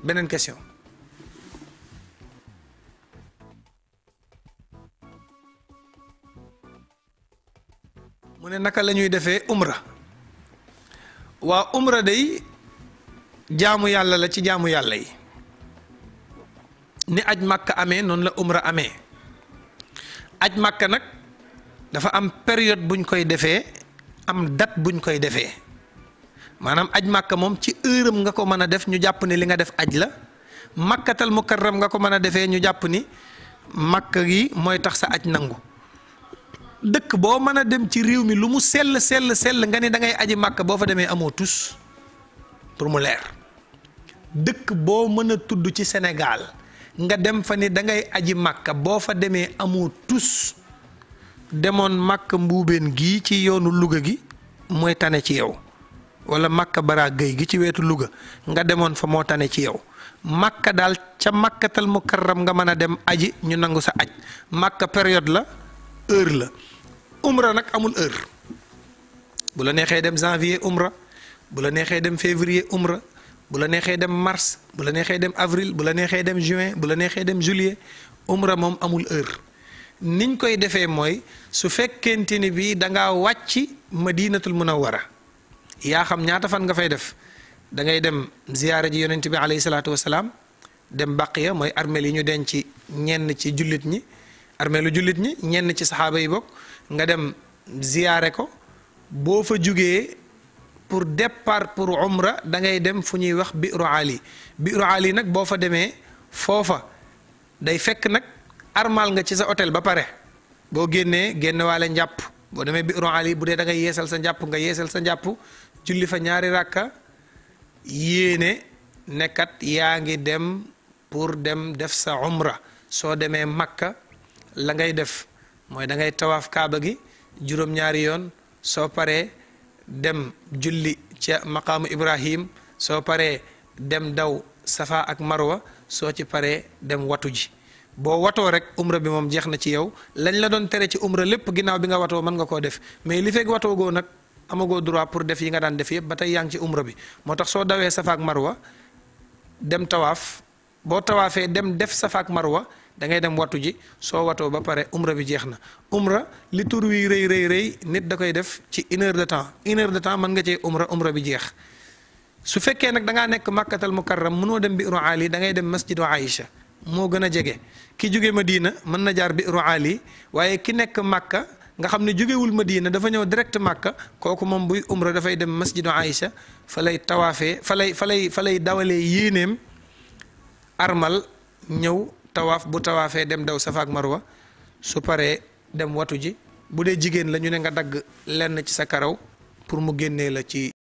beneen question. mu ne naka la ñuy defee umra waa umra day jaamu yàlla la ci jaamu yàlla yi ni aj màkk amee noonu la umra amee aj màkk nag dafa am période buñ koy defee am date buñ koy defee maanaam aj màkka moom ci ëram nga ko mën a def ñu jàpp ni li nga def aj la màkkatal mukarram nga ko mën a defee ñu jàpp ni màkk gi mooy tax sa aj nangu dëkk boo mën a dem ci réew mi lu mu sell sell sell nga ni da ngay aji màkka boo fa demee amoo tus pour mu dëkk boo mën a tudd ci Sénégal nga dem fa ni da aji màkka boo fa demee amoo tus demoon màkk mbuubeen gii ci yoonu Louga gi mooy tane ci yow wala makka bara géy gi ci weetu Louga nga demoon fa moo tane ci yow makka daal ca makkatal mukarram nga mën a dem aji ñu nangu sa aj makka période la heure la umra nag amul heure bu la neexee dem janvier umra bu la neexee dem février umra bu la neexee dem mars bu la neexee dem avril bu la neexee dem juin bu la neexee dem juillet umra moom amul heure niñ koy defee mooy su fekkente ni bii da ngaa wàcc madinatul munawwara yaa xam ñaata fan nga fay def da ngay dem ziyaara ji yonent bi alayhi salaatu wasalaam dem baqiya mooy armeel yi ñu denc ñenn ci jullit ñi armeelu jullit ñi ñenn ci saxaaba yi bokk nga dem ziyaare ko boo fa jugee pour départ pour umra da ngay dem fu ñuy wax biiru ali biiru ali nag boo fa demee foofa day fekk nag armal nga ci sa hôtel ba pare boo génnee génnewaale njàpp boo demee bi biiru ali bu dee dangay ngay sa njàpp nga yeesal sa njàpp julli fa ñaari ràkka yéene nekkat yaa ngi dem pour dem def sa umra soo demee makka la ngay def mooy da ngay tawaaf kaaba gi juróom-ñaari yoon soo paree dem julli ca maqaamu ibrahim soo paree dem daw safa ak marwa soo ci paree dem watu ji boo watoo rek umra bi moom jeex na ci yow lañ la doon tere ci umra lépp ginnaaw bi nga watoo mën nga koo def mais li fekk watoo goo nag amagoo droit pour def yi nga daan def yëpp ba tey yaa ci umra bi moo tax soo dawee safa ak marwa dem tawaaf boo tawaafee dem def safaak ak marwa da ngay dem watu ji soo watoo ba pare umra bi jeex na umra li tur wi rëy rëy nit da koy def ci une heure de temps une de temps mën nga cee umra umra bi jeex su fekkee nag da ngaa nekk màkkatal mukarram mënoo dem biiru ali da ngay dem masjidu aïcha moo gën a jege ki jóge diina mën na jaar Biiru Ali waaye ki nekk Makka nga xam ne jógewul diina dafa ñëw direct màkk kooku moom buy umra dafay dem masjidu Aïcha fa lay tawaafee fa lay fa lay dawalee yéeneem armal ñëw tawaaf bu tawaafee dem daw sa ak Marwa su paree dem watu ji bu dee jigéen la ñu ne nga dagg lenn ci sa karaw pour mu génnee la ci